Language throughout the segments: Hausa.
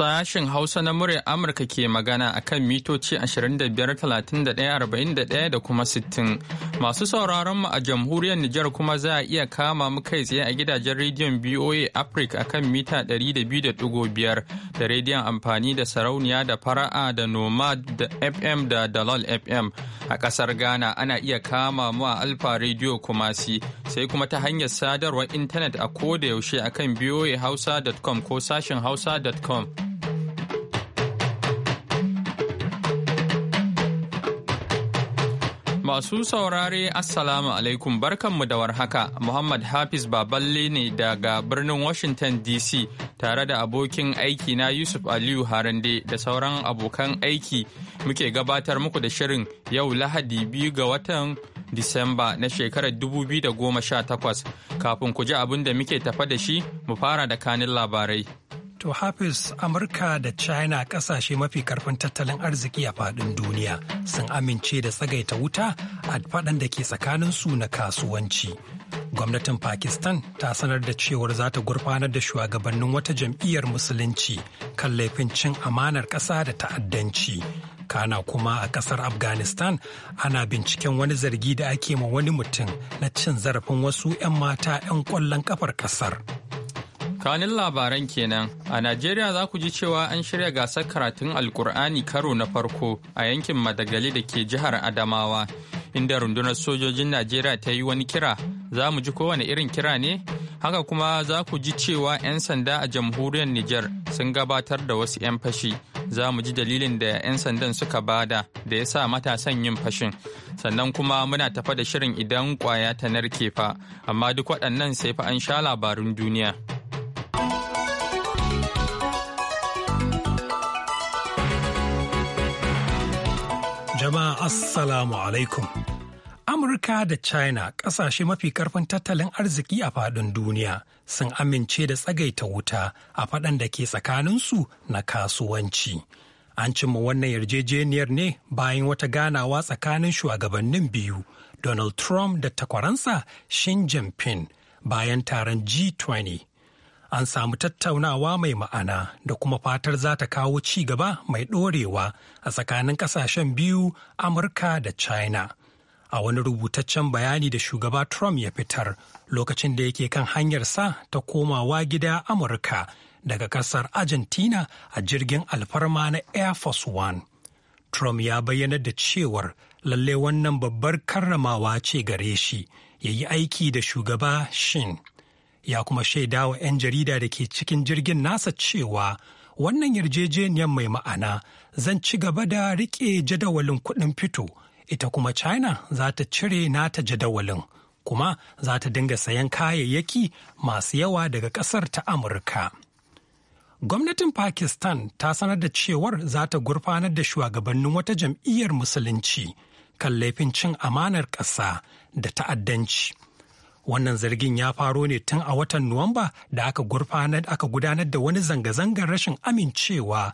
Sashen Hausa na muryar Amurka ke magana a kan mitoci 25,31,41 da kuma 60. Masu sauraron mu a jamhuriyar Nijar kuma za a iya kama mu kai tsaye a gidajen rediyon BOA Africa a kan mita 200.5 da rediyon amfani da sarauniya da fara'a da nomad da FM da dalal FM. A ƙasar Ghana ana iya kama mu a Alfa Radio Kumasi sai kuma ta hanyar sadarwar intanet a koda yaushe a kan boahausa.com ko sashen hausa.com. Masu saurare Assalamu alaikum barkan mu da warhaka Muhammad Hafiz Baballe ne daga birnin Washington DC tare da abokin aiki na Yusuf Aliyu Harande da sauran abokan aiki muke gabatar muku da shirin yau Lahadi biyu ga watan Disamba na shekarar 2018 kafin ku ji abin da muke tafa da shi mu fara da kanin labarai. To Hafiz Amurka da China kasashe mafi karfin tattalin arziki a faɗin duniya sun amince da tsagaita wuta a faɗan da ke tsakanin su na kasuwanci. Gwamnatin Pakistan ta sanar da cewar za ta gurfanar da shugabannin wata jam'iyyar musulunci kan laifin cin amanar ƙasa da ta'addanci. Kana kuma a ƙasar Afghanistan ana binciken wani zargi da ake ma wani mutum na cin zarafin wasu 'yan mata 'yan ƙwallon ƙafar ƙasar. Kanin labaran kenan a Najeriya za ku ji cewa an shirya gasar karatun Alkur'ani karo na farko a yankin Madagali da ke jihar Adamawa, inda rundunar sojojin Najeriya ta yi wani kira, za mu ji kowane irin kira ne? Haka kuma za ku ji cewa 'yan sanda a jamhuriyar Nijar sun gabatar da wasu 'yan fashi. Za mu ji dalilin da 'yan sandan suka bada da ya sa matasan yin fashin. Sannan kuma muna tafa da shirin idan kwaya ta narke fa, amma duk waɗannan sai fa an sha labarun duniya. Assalamu alaikum. Amurka da China ƙasashe mafi ƙarfin tattalin arziki a faɗin duniya sun amince da tsagaita wuta a faɗan da ke tsakaninsu na kasuwanci. An cimma wannan yarjejeniyar ne bayan wata ganawa tsakanin shugabannin biyu Donald Trump da takwaransa Xi Jinping bayan taron G20 an samu tattaunawa mai ma'ana da kuma fatar za ta kawo ci gaba mai ɗorewa a tsakanin ƙasashen biyu Amurka da China. A wani rubutaccen bayani da shugaba Trump ya fitar lokacin da yake kan hanyarsa ta komawa gida Amurka daga ƙasar Argentina a jirgin alfarma na Air Force One. Trump ya bayyana da cewar lalle wannan babbar karramawa ce gare shi ya yi aiki da shugaba Shin. ya kuma shaida wa 'yan jarida da ke cikin jirgin nasa cewa wannan yarjejeniyar mai ma'ana zan ci gaba da rike jadawalin kuɗin fito ita kuma china za ta cire nata jadawalin kuma za ta dinga sayan kayayyaki masu yawa daga ƙasar ta amurka gwamnatin pakistan ta sanar da cewar za ta gurfanar da shugabannin wata jam'iyyar musulunci kan laifin cin amanar ƙasa da ta'addanci Wannan zargin ya faro ne tun a watan Nuwamba da aka gurfanar aka gudanar da wani zanga-zangar rashin amincewa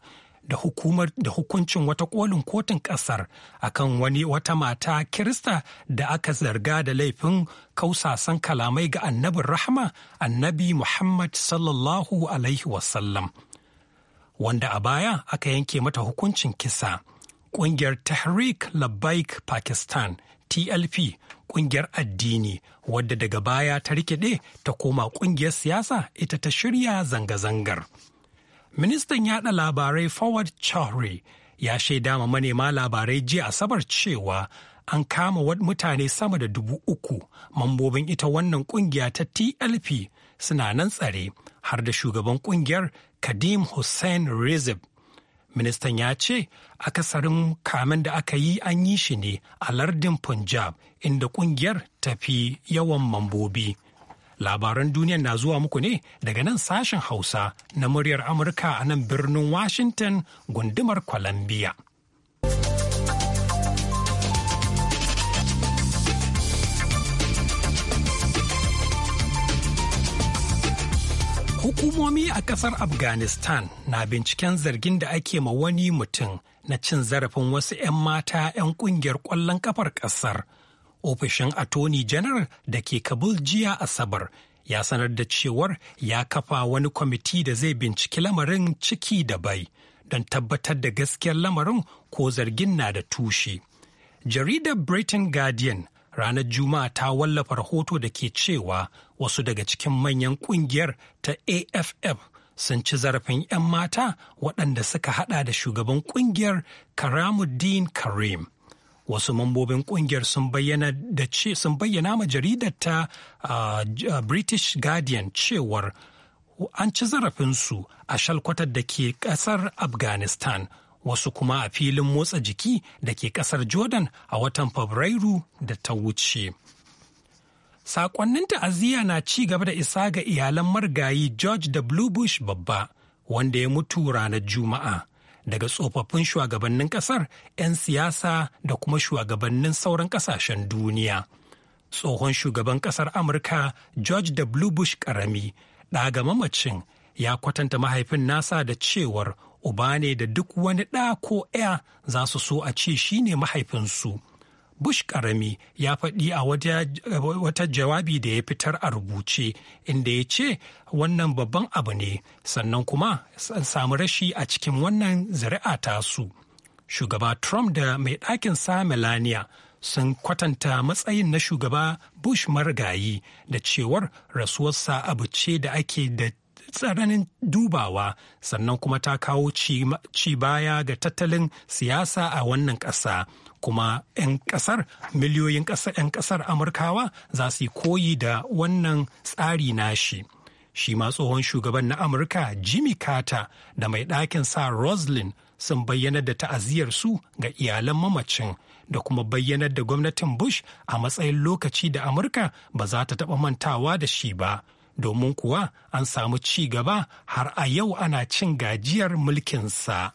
da hukumar da hukuncin wata kolin kotun kasar akan wani wata mata kirista da aka zarga da laifin kausasan kalamai ga annabin rahama annabi muhammad sallallahu alaihi wasallam wanda a baya aka yanke mata hukuncin kisa ƙungiyar tahrik labbaik pakistan tlp kungiyar addini wadda daga baya ta rikide ta koma kungiyar siyasa ita ta shirya zanga-zangar. Ministan yada labarai Forward Chowry ya shaida ma manema labarai jiya Asabar cewa an kama mutane sama da dubu uku mambobin ita wannan kungiya ta TLP suna nan tsare har da shugaban kungiyar Kadim Hussein Rezib ministan ya ce akasarin kamen da aka yi an yi shi ne a lardin punjab inda kungiyar tafi yawan mambobi labaran duniya na zuwa muku ne daga nan sashen hausa na muryar amurka a nan birnin washington gundumar columbia Hukumomi a ƙasar Afghanistan na binciken zargin da ake ma wani mutum na cin zarafin wasu 'yan mata 'yan ƙungiyar ƙwallon ƙafar ƙasar. Ofishin Attorney General da ke Kabul jiya Asabar ya sanar da cewar ya kafa wani kwamiti da zai binciki lamarin ciki da bai don tabbatar da gaskiyar lamarin ko zargin na da tushe. Jaridar Britain Guardian ranar Juma'a ta wallafa rahoto da ke cewa wasu daga cikin manyan kungiyar ta AFF sun ci zarafin 'yan mata waɗanda suka haɗa da shugaban kungiyar Karamuddin Karim. Wasu mambobin kungiyar sun bayyana ma jaridar ta British Guardian cewar an ci zarafinsu a shalkwatar da ke ƙasar Afghanistan. wasu kuma a filin motsa jiki da ke ƙasar Jordan a watan Fabrairu da ta wuce. Sakonnin ta'aziyya na ci gaba da isa ga iyalan marigayi George W. Bush babba, wanda ya mutu ranar Juma'a. Daga tsofaffin shugabannin kasar, 'yan siyasa da kuma shugabannin sauran kasashen duniya. Tsohon shugaban kasar Amurka George W. Bush karami, ɗaga mamacin ya kwatanta mahaifin nasa da cewar uba ne da duk wani ɗa ko 'ya za su so a ce shine mahaifinsu. mahaifinsu. bush karami ya faɗi a wata jawabi da ya fitar a rubuce inda ya ce wannan babban abu ne sannan kuma samu rashi a cikin wannan zari'a su. shugaba trump da mai ɗakin sa melania sun kwatanta matsayin na shugaba bush marigayi da cewar rasuwarsa abu ce da ake da tsaranin dubawa sannan kuma ta kawo ci baya ga tattalin siyasa a wannan ƙasa. kuma 'yan ƙasar, miliyoyin 'yan ƙasar amurkawa za su yi koyi da wannan tsari nashi shi ma tsohon shugaban na amurka jimmy carter da mai ɗakin sa roslyn sun bayyana da su ga iyalan mamacin da kuma bayyanar da gwamnatin bush a matsayin lokaci da amurka ba za ta taɓa mantawa da shi ba domin kuwa an samu ci gaba har a yau ana cin gajiyar mulkinsa.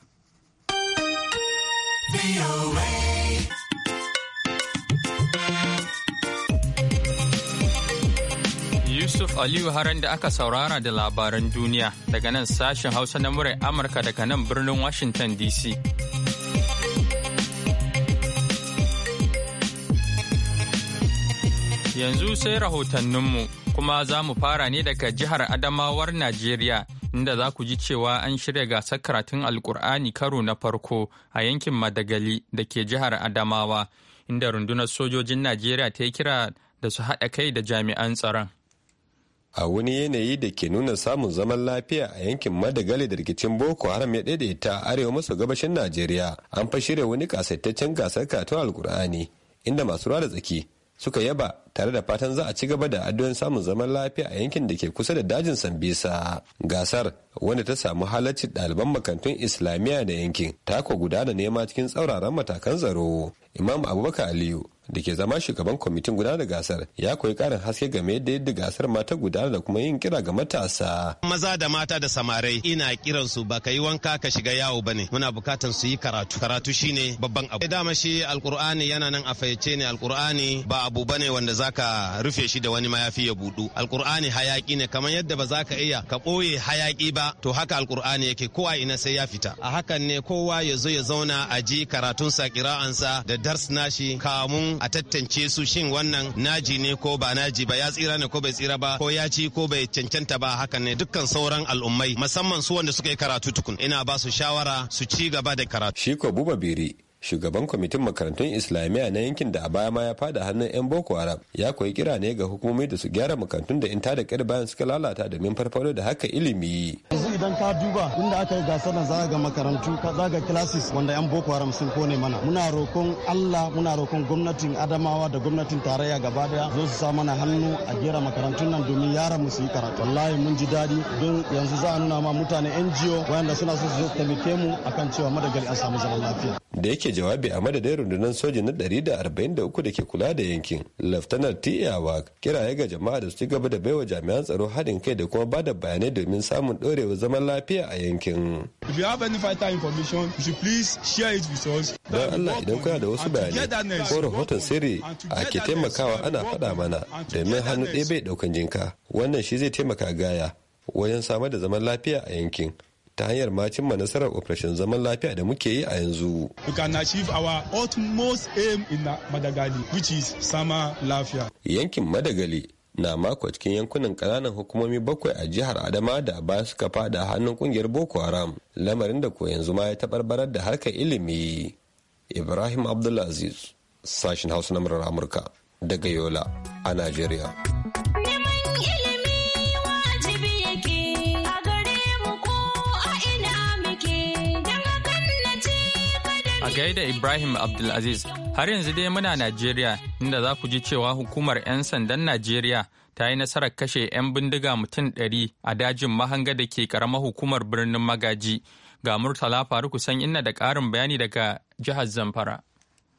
Yusuf Aliyu Haran da aka saurara da labaran duniya daga nan sashen Hausa na murai Amurka daga nan birnin Washington DC. Yanzu sai rahotanninmu kuma za mu fara ne daga jihar Adamawar Najeriya. inda za ku ji cewa an shirya gasar karatun alkur'ani karo na farko a yankin madagali da ke jihar adamawa inda rundunar sojojin najeriya ta yi kira da su haɗa kai da jami'an tsaron a wani yanayi da ke nuna samun zaman lafiya a yankin madagali da rikicin boko haram ya daidaita arewa maso gabashin najeriya an fa shirya wani kasaitaccen gasar karatun alkur'ani inda masu ruwa da tsaki suka yaba tare da fatan za a ci gaba da addu'an samun zaman lafiya a yankin da ke kusa da dajin sambisa gasar wanda ta samu halarci ɗaliban makarantun islamiyya da yankin ta ko gudana nema cikin tsauraran matakan tsaro imam abubakar aliyu da ke zama shugaban kwamitin gudanar da gasar ya koyi karin haske game da yadda gasar mata gudanar da kuma yin kira ga matasa. Maza da mata da samarai ina kiran su ba ka yi wanka ka shiga yawo ba ne muna bukatan su yi karatu karatu shine babban abu. Eh, dama shi alkur'ani yana nan a fayyace ne alkur'ani ba abu bane wanda zaka rufe shi da wani mayafi ya budu alkur'ani hayaki ne kamar yadda ba za ka iya ka ɓoye hayaki ba to haka alkur'ani yake kowa ina sai ya fita a hakan ne kowa ya zo ya zauna a ji karatunsa kira'ansa da dars nashi kamun a tantance su shin wannan naji ne ko ba naji ba ya tsira ne ko bai tsira ba ko ya ci ko bai cancanta ba hakan ne dukkan sauran al'ummai musamman su wanda suka yi karatu tukun ina ba su shawara su ci gaba da karatu. Shi ko Buba Biri shugaban kwamitin makarantun islamiyya na yankin da a baya ma ya fada hannun 'yan boko haram ya koyi kira ne ga hukumomi da su gyara makarantun da in tada bayan suka lalata domin farfado da haka ilimi idan ka duba inda aka yi gasar nan zaga makarantu zaga classes wanda yan boko haram sun kone mana muna rokon allah muna rokon gwamnatin adamawa da gwamnatin tarayya gaba daya zo su sa mana hannu a gera makarantun nan domin yara mu su yi karatu wallahi mun ji daɗi don yanzu za a nuna ma mutane ngo wayanda suna so su zo taimake mu akan cewa madagali an samu zaman lafiya da yake jawabi a madadin rundunar soji na 143 da arba'in da da uku ke kula da yankin laftanar tiyawa kiraye ga jama'a da su ci gaba da baiwa jami'an tsaro haɗin kai da kuma ba da bayanai domin samun ɗorewa zaman lafiya a yankin. If you have any vital information, Don Allah idan kuna da wasu bayanai ko rahoton sirri a ke taimakawa ana faɗa mana domin hannu ɗaya bai ɗaukan jinka. Wannan shi zai taimaka gaya wajen samar da zaman lafiya a yankin. ta hanyar macin ma nasarar operation zaman lafiya da muke yi a yanzu. We can achieve our utmost aim in Madagali, which is sama lafiya. Yankin Madagali na mako cikin yankunan kananan hukumomi bakwai a jihar adama da ba suka fada hannun kungiyar boko haram lamarin da ko yanzu ma ya tabarbarar da harkar ilimi ibrahim abdulaziz sashen hausa na murar amurka daga yola a najeriya A gaida Ibrahim Abdulaziz, har yanzu dai muna Najeriya inda za ku ji cewa hukumar 'yan sandan Najeriya ta yi nasarar kashe 'yan bindiga mutum 100 a dajin mahanga da ke karamar hukumar birnin Magaji. Ga Murtala Faruku san inna da karin bayani daga jihar Zamfara.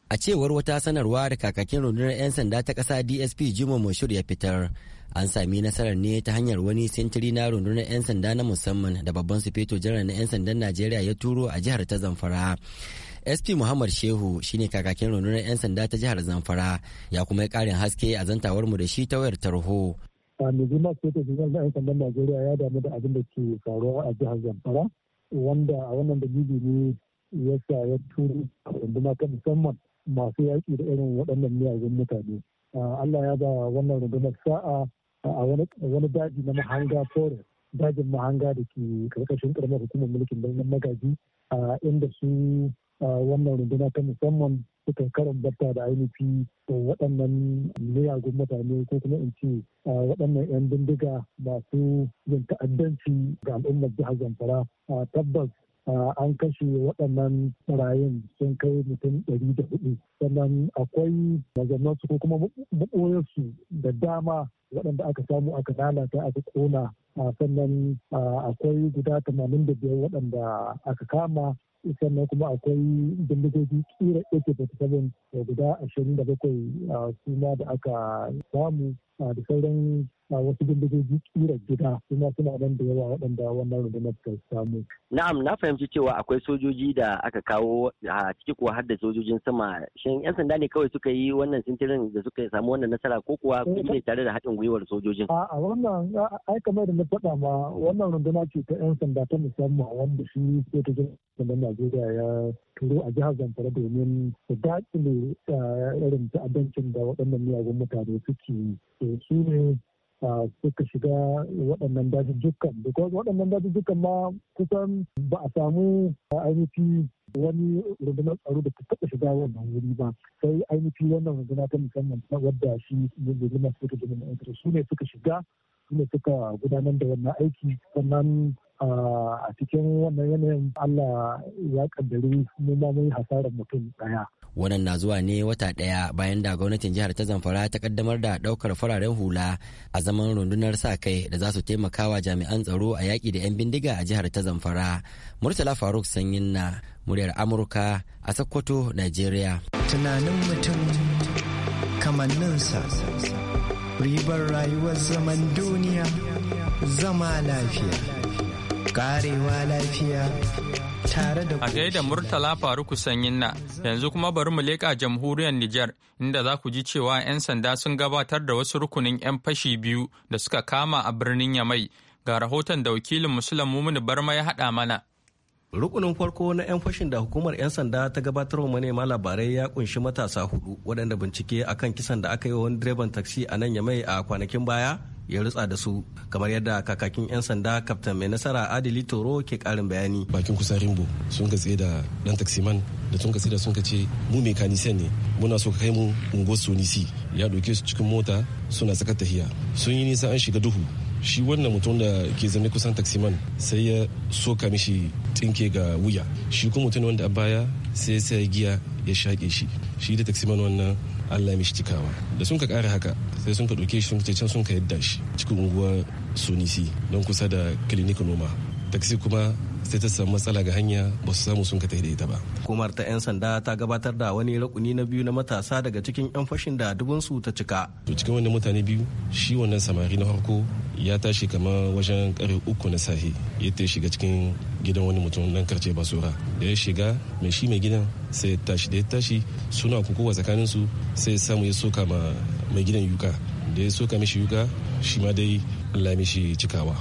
A cewar wata sanarwa da kakakin rundunar 'yan sanda ta ƙasa DSP Juma Moshur ya fitar, an sami nasarar ne ta hanyar wani sintiri na rundunar 'yan sanda na musamman da babban sufeto janar na 'yan sandan najeriya ya turo a jihar ta zamfara sp muhammad shehu shine kakakin rundunar 'yan sanda ta jihar zamfara ya kuma yi karin haske a zantawar mu da shi ta wayar tarho a girma su ta shugaban sandan najeriya ya damu da abin da ke faruwa a jihar zamfara wanda a wannan dalili ne ya sa ya turu runduna ta musamman masu yaƙi da irin waɗannan miyagun mutane allah ya ba wannan rundunar sa'a a wani daji na mahanga forest dajin mahanga da ke karkashin karamar hukumar mulkin birnin magaji a inda su wannan runduna ta musamman suka karin batta da ainihi da waɗannan miyagun mutane ko kuma in ce waɗannan 'yan bindiga masu yin ta'addanci ga al'ummar jihar zamfara tabbas an kashe waɗannan rayun sun kai mutum ɗari da sannan akwai su ko kuma maɓoyarsu da dama waɗanda aka samu aka lalata aka kona sannan akwai guda tamanin da biyar waɗanda aka kama sannan kuma akwai bindigogi kira ak-47 guda 27 ah, suna da aka samu ah, da sauran A wasu bindigogi kira gida kuma suna nan da yawa waɗanda wannan rundunar ta samu. Na'am na fahimci cewa akwai sojoji da aka kawo a ciki kuwa har da sojojin sama shin 'yan sanda ne kawai suka yi wannan sintirin da suka samu wannan nasara ko kuwa eh, ne eh. tare da haɗin gwiwar sojojin. A wannan ai kamar da na faɗa ma wannan runduna ce ta 'yan sanda ta musamman wanda shi sojojin sandan Najeriya ya turo a jihar Zamfara domin su daƙile eh, irin ta'addancin da waɗannan miyagun mutane suke su ne suka shiga waɗannan dajujjukan because waɗannan dajujjukan ma kusan ba a samu ainihi wani rundunar tsaro da ta taɓa shiga wannan wuri ba sai ainihi wannan rundunar ta musamman wadda shi rundunar suka jini na intanet su ne suka shiga su ne suka gudanar da wannan aiki sannan a cikin wannan yanayin allah ya ƙaddari mu ma mun hasarar mutum ɗaya wannan na zuwa ne wata ɗaya bayan da gwamnatin jihar ta zamfara ta kaddamar da ɗaukar fararen hula a zaman rundunar sa kai da za su taimaka wa jami'an tsaro a yaƙi da 'yan bindiga a jihar ta zamfara murtala faruk sanyin na muryar amurka a sokoto nigeria tunanin mutum kamannin sa ribar rayuwar zaman duniya zama lafiya karewa lafiya tare da a gaida murtala faru sanyin na yanzu kuma bari mu leƙa jamhuriyar Nijar inda za ku ji cewa 'yan sanda sun gabatar da wasu rukunin 'yan fashi biyu da suka kama a birnin Yamai ga rahoton da wakilin Musulun Muminu Barma ya haɗa mana. rukunin farko na 'yan fashin da hukumar 'yan sanda ta gabatar wa manema labarai ya kunshi matasa hudu waɗanda bincike akan kisan da aka yi wa wani direban taksi a nan mai a kwanakin baya ya rutsa da su kamar yadda kakakin 'yan sanda kaftan mai nasara adili toro ke karin bayani bakin kusa rimbo sun ka tsaye da dan man da sun ka tsaye da sun ka ce mu mekanisiyan ne muna so ka kai mu unguwar sonisi ya doke su cikin mota suna tsakar tahiya sun yi nisa an shiga duhu shi wannan mutum da ke zaune kusan taksiman sai ya soka mishi tinke ga wuya shi kuma mutum wanda a baya sai sai giya ya shaƙe shi shi da taksiman wannan allah mishi cikawa da sun ka ƙara haka sai sun ka ɗauke shi sun ka can sun ka yadda shi cikin unguwar sunisi don kusa da kilinik noma taksi kuma sai ta samu matsala ga hanya ba su samu sun ka tafi da ita ba. Hukumar ta 'yan sanda ta gabatar da wani rukuni na biyu na matasa daga cikin 'yan fashin da dubunsu ta cika. To cikin wannan mutane biyu shi wannan samari na farko ya tashi kamar wajen kare uku na sahi ya ta shiga cikin gidan wani mutum nan karce basura da ya shiga mai shi mai gidan sai tashi da ya tashi suna kukuwa tsakanin su sai samu ya soka ma mai gidan yuka da ya soka mishi yuka shi ma dai lami mishi cikawa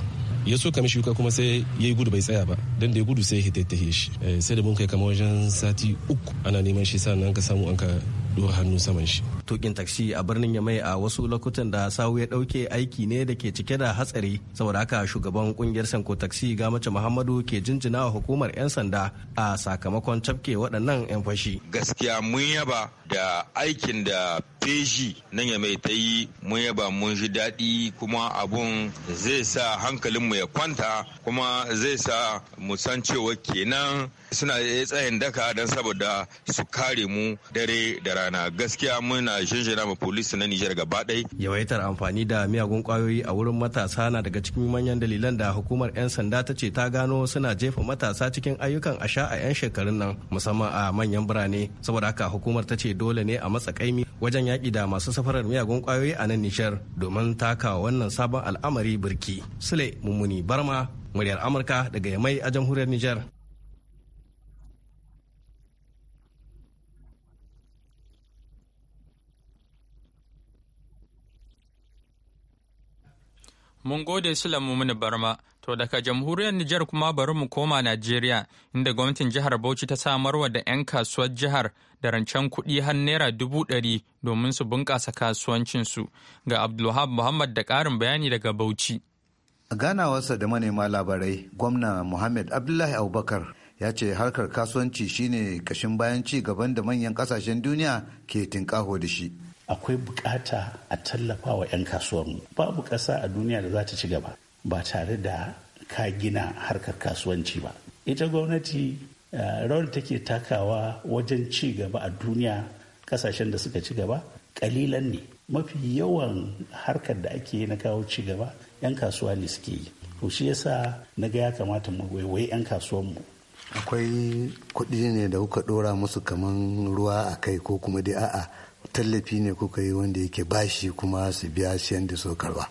ya soka mishi yuka kuma sai ya yi gudu bai tsaya ba dan da ya gudu sai ya tahe shi eh, sai da mun kai kama wajen sati uku ana neman shi sannan ka samu an ka dora hannu saman shi tokin taksi a birnin yamai a wasu lokutan da sawu ya dauke aiki ne da ke cike da hatsari saboda haka shugaban kungiyar sanko taksi gamace muhammadu ke jinjina wa hukumar 'yan sanda a sakamakon cafke waɗannan 'yan fashi gaskiya mun yaba da aikin da feji nan ya mai ta yi mun yaba mun ji daɗi kuma abun zai sa hankalinmu ya kwanta kuma zai sa mu san cewa kenan suna tsayin daka don saboda su kare mu dare da rana gaskiya muna jinjina ma polisi na Nijar gaba ɗaya. Yawaitar amfani da miyagun kwayoyi a wurin matasa na daga cikin manyan dalilan da hukumar 'yan sanda ta ce ta gano suna jefa matasa cikin ayyukan asha a 'yan shekarun nan musamman a manyan birane saboda haka hukumar ta ce dole ne a matsa kaimi wajen yaƙi da masu safarar miyagun kwayoyi a nan Nijar domin taka wannan sabon al'amari birki. Sule Mummuni Barma, muryar Amurka daga Yamai a jamhuriyar Nijar. Mun gode Sulamu mini barma. To daga jamhuriyar Nijar kuma bari mu koma Najeriya inda gwamnatin jihar Bauchi ta samarwa da 'yan kasuwar jihar da rancen kuɗi har naira dubu ɗari domin su bunƙasa kasuwancinsu ga Abdulwahab Muhammad da ƙarin bayani daga Bauchi. A ganawarsa da manema labarai, gwamna Muhammad Abdullahi Abubakar ya ce harkar kasuwanci shine kashin bayan ci gaban da manyan ƙasashen duniya ke tinƙaho da shi. akwai bukata a tallafa wa 'yan mu babu ƙasa a duniya da za ta ci gaba ba tare da ka gina harkar kasuwanci ba ita gwamnati eh, rawar take takawa wajen ci gaba a duniya kasashen da suka ci gaba kalilan ne mafi yawan harkar da ake na kawo ci gaba 'yan kasuwa ne suke yi to shi yasa na ga ya kamata mu waiwai 'yan kasuwanmu akwai kuɗi ne da kuka ɗora musu kaman ruwa a kai ko kuma dai a'a tallafi ne kuka yi wanda yake bashi kuma su biya siyan da so karba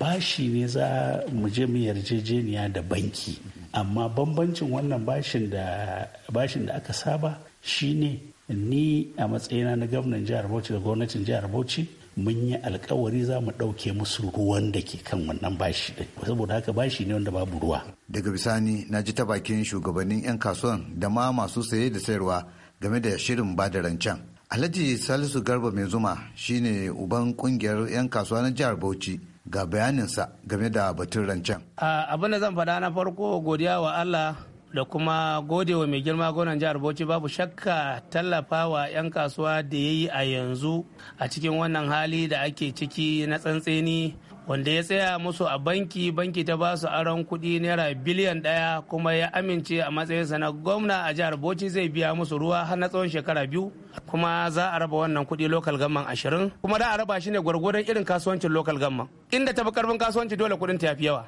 bashi ne za mu je mu yarjejeniya da banki amma bambancin wannan bashin da aka saba shine ni a matsayina na gwamnan jihar Bauchi da gwamnatin jihar Bauchi mun yi alkawari za mu ɗauke musu ruwan da ke kan wannan bashi ɗin saboda haka bashi ne wanda babu ruwa daga bisani na ji ta bakin shugabannin 'yan kasuwan da ma masu saye da sayarwa game da shirin ba da rancen Alhaji Salisu Garba mai zuma shine uban kungiyar 'yan kasuwa na jihar Bauchi ga bayaninsa game da batun rancen. Abin da zan faɗa na farko godiya wa Allah da kuma gode wa mai girma gonan jihar Bauchi babu shakka tallafa wa 'yan kasuwa da ya yi a yanzu a cikin wannan hali da ake ciki na tsantseni wanda ya tsaya musu a banki banki ta ba su aron kuɗi naira biliyan ɗaya kuma ya amince a matsayinsa na gwamna a jihar bauchi zai biya musu ruwa har na tsawon shekara biyu kuma za a raba wannan kuɗi lokal gamman ashirin kuma da a raba shi ne gwargwadon irin kasuwancin lokal gamman inda tafi karfin kasuwanci dole kuɗin ta yafi yawa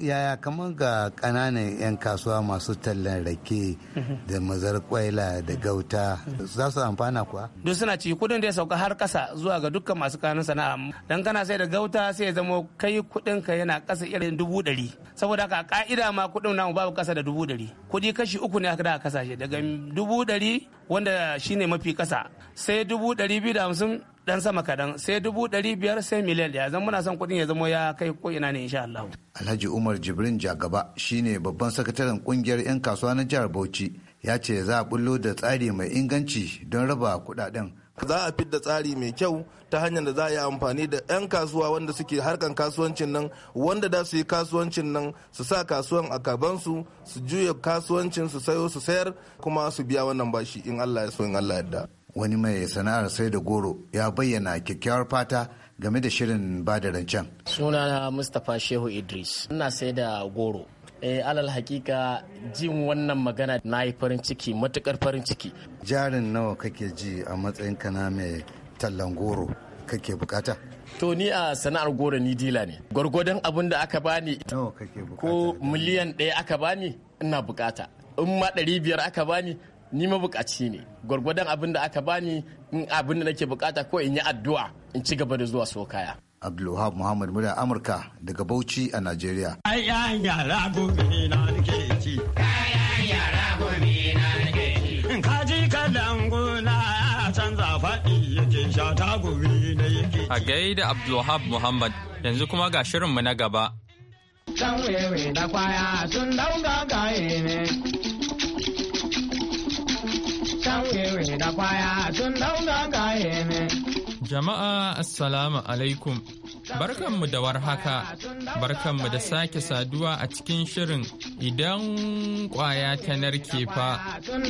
yaya kamar ga kananan 'yan kasuwa masu tallan rake da mazar kwaila da gauta za su amfana kuwa duk suna ci kudin da ya sauka har kasa zuwa ga dukkan masu kanun sana'a dan kana sai da gauta sai ya zama kai kudin ka yana kasa irin dubu ɗari saboda haka ka'ida ma kudin namu babu kasa da dubu ɗari kudi kashi uku ne aka da kasashe daga dubu ɗari wanda shine mafi kasa sai dubu ɗari biyu da hamsin dan sama kadan sai dubu dari biyar sai miliyan daya zan muna son kudin ya zama ya kai ko ina ne insha Allah. Alhaji Umar Jibrin Jagaba shine babban sakataren kungiyar 'yan kasuwa na jihar Bauchi ya ce za a bullo da tsari mai inganci don raba kudaden. za a fidda tsari mai kyau ta hanyar da za a yi amfani da 'yan kasuwa wanda suke harkan kasuwancin nan wanda da su yi kasuwancin nan su sa kasuwan a su juya kasuwancin su sayo su sayar kuma su biya wannan bashi in allah ya so in allah yadda wani mai sana'ar sai da goro ya bayyana kyakkyawar fata game da shirin ba da rancen. sunana mustapha shehu idris ina sai da goro eh, alal hakika jin wannan magana na yi farin ciki matukar farin ciki jarin nawa kake ji a matsayin kana mai tallan goro kake bukata to ni a sana'ar goro ni dila ne gwargwadon abin da aka bani ko miliyan ɗaya aka bani ina bukata in ma ɗari biyar aka bani ni mabukaci ne gwargwadon abin da aka bani in abin da nake bukata ko in yi addu'a in ci gaba da zuwa sokaya kaya Abdulwahab Muhammad murya Amurka daga Bauchi a Najeriya. Ai yara na Kaji canza faɗi yake sha A gaida Abdulwahab Muhammad yanzu kuma ga shirinmu na gaba. wewe sun dauga gaye da kwaya Jama'a Assalamu alaikum. Barkanmu da warhaka, barkanmu da sake saduwa a cikin shirin idan kwaya ta narke fa. Tun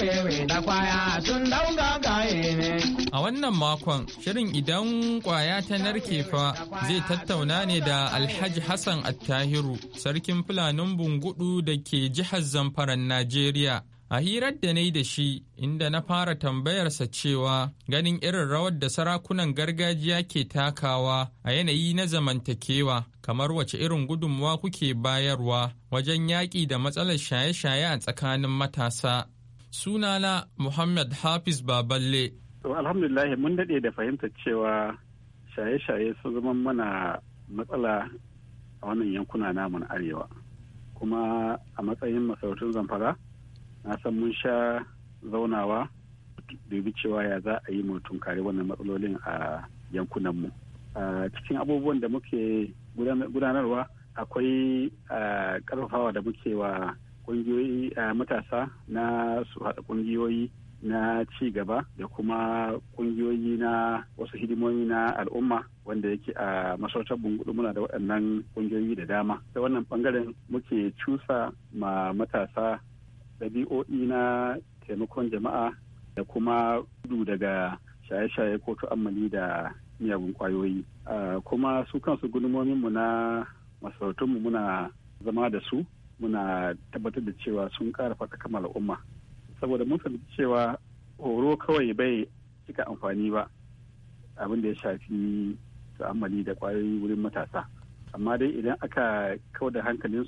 wewe da kwaya tun dauna kaye ne. A wannan makon shirin idan kwaya ta narke fa zai tattauna ne da Alhaji Hassan Attahiru, sarkin Fulanin Bungudu da ke jihar Zamfaran Najeriya. A hirar da na yi da shi inda na fara tambayarsa cewa ganin irin rawar da sarakunan gargajiya ke takawa a yanayi na zamantakewa kamar wace irin gudunmuwa kuke bayarwa wajen yaƙi da matsalar shaye-shaye a tsakanin matasa. Sunana Muhammad Hafiz Baballe To alhamdulillah mun daɗe da fahimtar cewa shaye-shaye sun zama mana matsala a wannan yankuna namun arewa. Kuma a matsayin masarautun zamfara na san mun sha zaunawa dubi cewa ya za a yi mu tunkari wannan matsalolin a yankunanmu. Cikin abubuwan da muke gudanarwa akwai ƙarfafawa da muke wa ƙungiyoyi matasa na su haɗa ƙungiyoyi na ci gaba da kuma kungiyoyi na wasu hidimomi na al'umma wanda yake a masautar bungudu muna da waɗannan kungiyoyi da dama ta wannan bangaren muke cusa ma matasa ɗabi'o'i na taimakon jama'a da kuma gudu daga shaye-shaye ko tu'ammali da miyagun kwayoyi kuma su kansu mu na masarautunmu muna zama da su muna tabbatar da cewa sun ƙara faɗa al'umma saboda mun fahimci cewa horo kawai bai cika amfani ba abin da ya shafi ta'ammali da kwayoyi wurin matasa amma dai idan aka kau da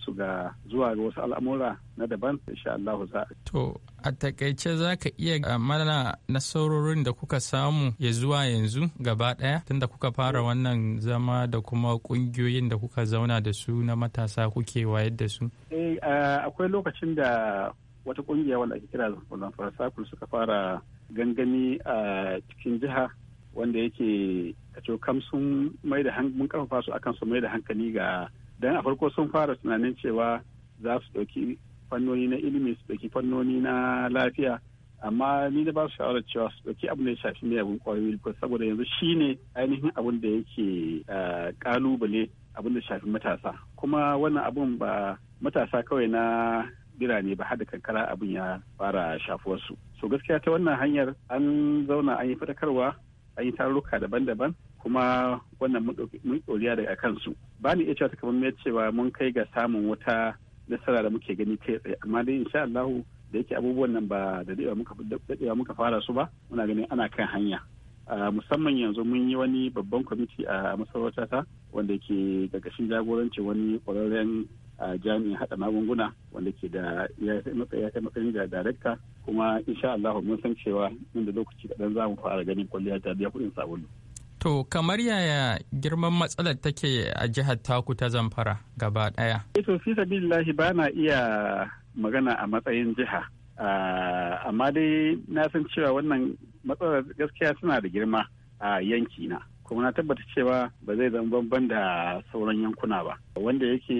su ga zuwa ga wasu al'amura na daban insha Allah za to a takaice za ka iya mana nasarorin da kuka samu ya zuwa yanzu gaba ɗaya tunda kuka fara wannan zama da kuma ƙungiyoyin da kuka zauna da su na matasa kuke wayar da su eh akwai lokacin da wata kungiya wanda ake kira zamfara circle suka fara gangami a cikin jiha wanda yake a kam sun mai da mun karfafa su akan su mai da hankali ga dan a farko sun fara tunanin cewa za su ɗauki fannoni na ilimi su ɗauki fannoni na lafiya amma ni da ba su shawarar cewa su ɗauki abu ne shafi abin ƙwayoyi ko saboda yanzu shine ainihin abun da yake ƙalubale abun da shafi matasa kuma wannan abun ba matasa kawai na birane ba har kankara abin ya fara shafuwarsu so gaskiya ta wannan hanyar an zauna an yi fadakarwa an yi tarurruka daban-daban kuma wannan mun ɗoriya daga kansu ba ni iya cewa mai cewa mun kai ga samun wata nasara da muke gani kai tsaye amma dai insha Allahu da yake abubuwan nan ba da daɗewa muka fara su ba muna ganin ana kan hanya musamman yanzu mun yi wani babban kwamiti a masarauta ta wanda ke gagashin jagoranci wani ƙwararren a jami'in haɗa magunguna wanda ke da ya matsayin da darekta kuma insha Allah mun san cewa nan lokaci kadan za mu fara ganin kwalliya ta biya kudin sabulu. To kamar yaya girman matsalar take a jihar taku ta zamfara gaba daya. Ito eh fi sabilillahi ba na iya magana a matsayin jiha. amma dai na san cewa wannan matsalar gaskiya suna da girma a yankina. kuma na tabbata cewa ba zai zama banban da sauran yankuna ba wanda yake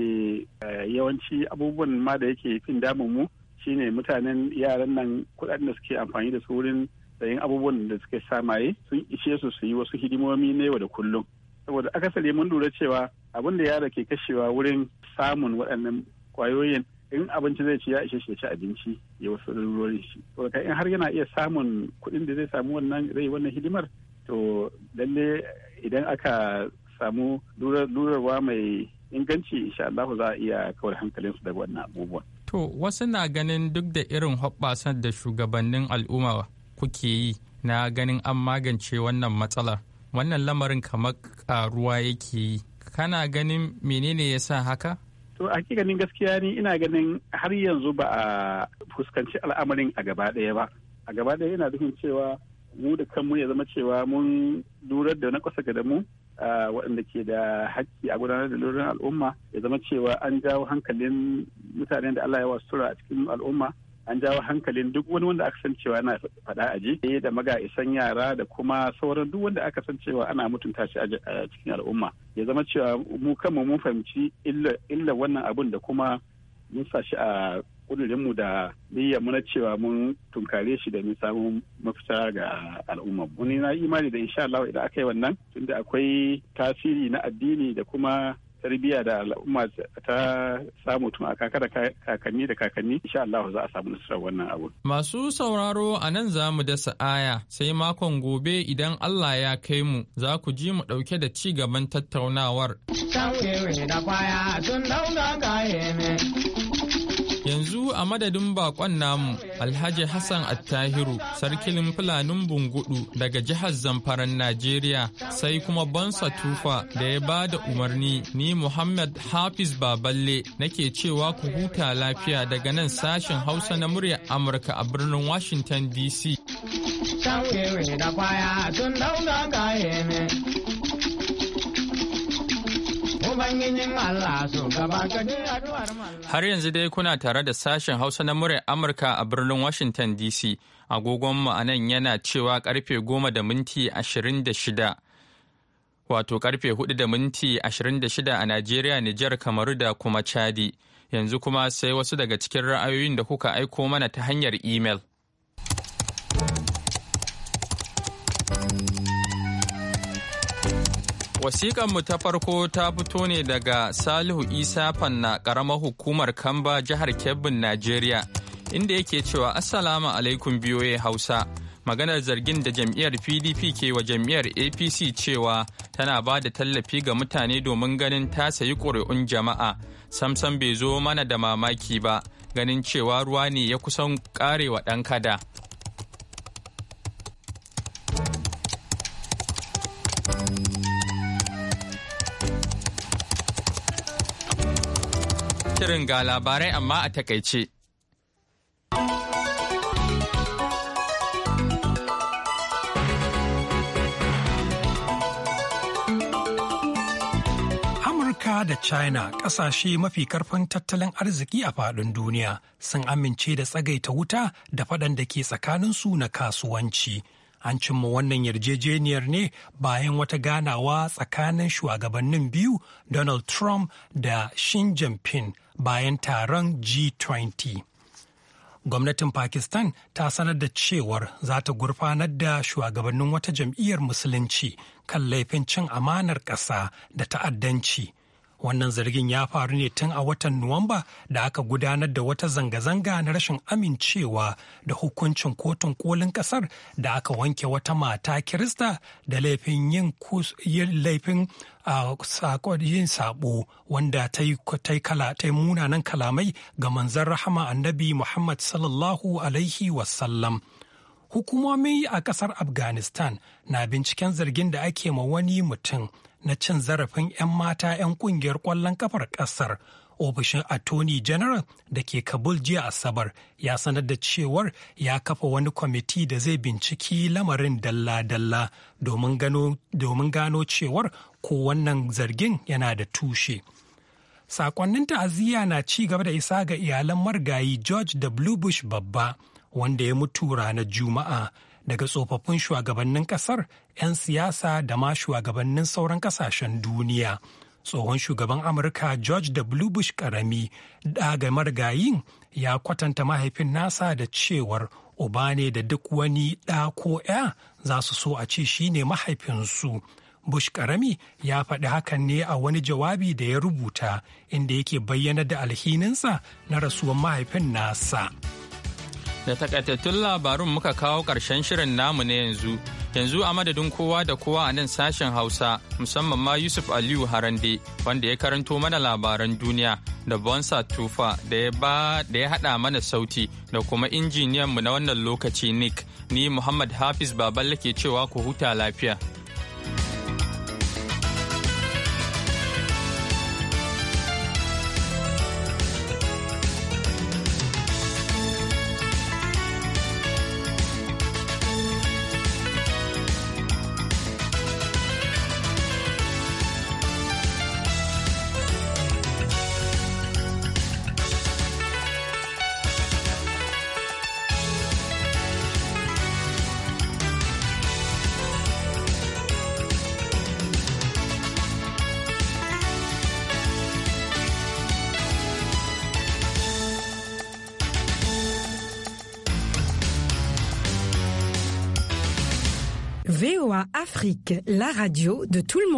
eh, yawanci abubuwan ma da yake fin damun mu shine mutanen yaran nan kudaden da suke amfani da su wurin sayan abubuwan da suke samaye sun ishe su su yi wasu hidimomi na yau da kullum saboda akasari mun lura cewa abin da yara ke kashewa wurin samun waɗannan kwayoyin in abinci zai ci ya ishe shi ya ci abinci ya wasu lalurorin shi saboda in har yana iya samun kuɗin da zai samu wannan zai wannan hidimar to lalle idan aka samu lurarwa mai inganci insha Allah za a iya kawar hankalinsu daga wannan abubuwan. To wasu na ganin duk da irin hoɓɓasan da shugabannin al'umma kuke yi na ganin an magance wannan matsalar wannan lamarin kamar karuwa yake yi kana ganin menene ya sa haka? To hakikanin gaskiya ni ina ganin har yanzu ba a fuskanci al'amarin a gaba ɗaya ba. A gaba ɗaya yana duhun cewa mu da kanmu ya zama cewa mun durar da na kwasa ga mu waɗanda ke da haƙƙi a gudanar da lurin al'umma ya zama cewa an jawo hankalin mutanen da Allah ya tura a cikin al'umma an jawo hankalin duk wani wanda aka san cewa ana faɗa a ji eh, da maga isan yara da kuma sauran duk wanda aka san cewa ana mutunta shi a cikin al'umma ya zama cewa mu kanmu mun fahimci illa wannan abun da kuma mun sa shi a kudurinmu da niyya na cewa mun tunkare shi da samu mafita ga al'umma wani na imani da insha Allah idan aka yi wannan tunda akwai tasiri na addini da kuma tarbiyya da al'umma ta samu tun a kakar kakanni da kakanni insha Allah za a samu nasarar wannan abu. Masu sauraro a nan za mu dasa aya sai makon gobe idan Allah ya kai mu za ku ji mu dauke da ci gaban tattaunawar. a madadin bakon namu Alhaji Hassan Attahiru sarkin fulanin bungudu daga jihar Zamfaran Najeriya sai kuma Bansa Tufa da ya ba da umarni ni Muhammad Hafiz Baballe nake cewa ku huta lafiya daga nan sashen Hausa na murya Amurka a birnin Washington DC. Har yanzu dai kuna tare da sashen Hausa na muryar Amurka a birnin Washington DC. Agogon mu a nan yana cewa karfe goma da minti ashirin da shida. Wato karfe hudu da minti ashirin da shida a Najeriya, Nijar, Kamaru da kuma Chadi. Yanzu kuma sai wasu daga cikin ra'ayoyin da kuka aiko mana ta hanyar imel. Wasiƙanmu ta farko ta fito ne daga Salihu Isa Fanna ƙaramar hukumar Kamba jihar Kebbin Najeriya inda yake cewa Assalamu alaikum biyoye Hausa. Maganar zargin da jam'iyyar PDP ke wa jam'iyyar APC cewa tana ba da tallafi ga mutane domin ganin ta sayi ƙuri'un jama'a. Samsam bai zo mana da mamaki ba, ganin cewa ruwa ne ya kusan ƙarewa ɗan kada. shirin ga labarai amma a takaice. Amurka da China ƙasashe mafi karfin tattalin arziki a faɗin duniya sun amince da tsagaita wuta da faɗan da ke tsakanin su na kasuwanci. an cimma wannan yarjejeniyar ne bayan wata ganawa tsakanin shugabannin biyu donald trump da xi jinping bayan taron g20 gwamnatin pakistan ta sanar da cewar za ta gurfanar da shugabannin wata jam'iyyar musulunci kan laifin cin amanar ƙasa da ta'addanci Wannan zargin ya faru ne tun a watan Nuwamba da aka gudanar da wata zanga-zanga na rashin amincewa da hukuncin kotun kolin kasar da aka wanke wata mata Kirista da laifin yin laifin yin sabo wanda ta yi munanan kalamai ga manzan rahama annabi Muhammad sallallahu alaihi wasallam. Hukumomi a kasar Afghanistan na binciken zargin da ake ma wani mutum na cin zarafin 'yan mata 'yan kungiyar ƙwallon kafar ƙasar ofishin attorney general da ke kabul jiya asabar ya sanar da cewar ya kafa wani kwamiti da zai binciki lamarin dalla-dalla domin gano cewar ko wannan zargin yana da tushe sakonnin ta'aziyya na ci gaba da isa ga iyalan margayi george w bush babba wanda ya mutu ranar juma'a daga tsofaffin shugabannin kasar 'yan siyasa da ma shugabannin sauran kasashen duniya tsohon shugaban amurka george w bush karami daga marigayin ya kwatanta mahaifin nasa da cewar uba ne da duk wani ɗa ko 'ya za su so a ce shine mahaifinsu bush karami ya faɗi hakan ne a wani jawabi da ya rubuta inda yake bayyana da alhininsa na rasuwan mahaifin nasa. da takaitattun labarun muka kawo ƙarshen shirin namu na yanzu yanzu a madadin kowa da kowa a nan sashen hausa musamman ma yusuf aliyu harande wanda ya karanto mana labaran duniya da bonsa tufa da ya ba da ya haɗa mana sauti da kuma injiniyanmu na wannan lokaci nick ni muhammad hafiz baballe ke cewa ku huta lafiya la radio de tout le monde.